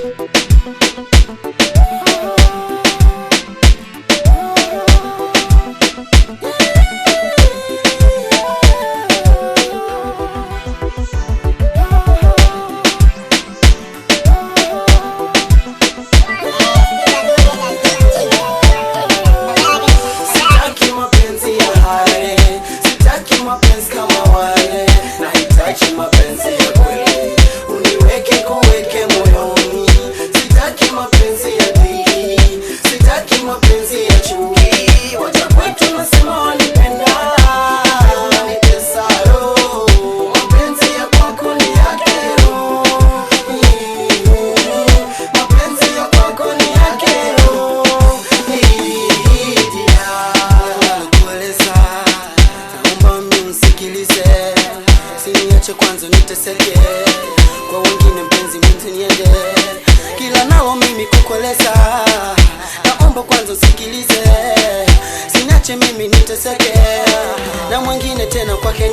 thank you niache kwanza niteseke, kwa wengine mpenzi mtu niende, kila nao mimi kukueleza, naomba kwanza usikilize, sinache mimi niteseke na mwingine tena kwake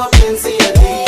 I'm up in see a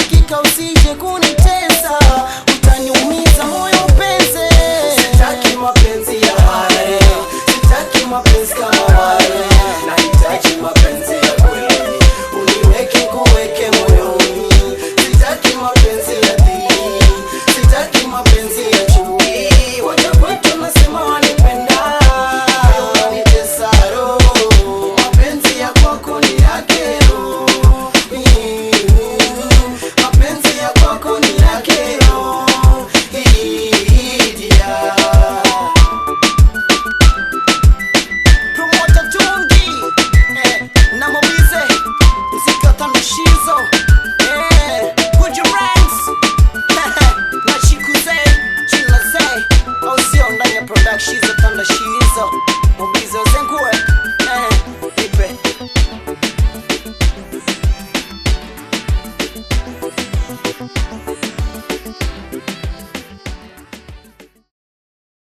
Hakika usije kunitesa, utaniumiza moyo mpenzi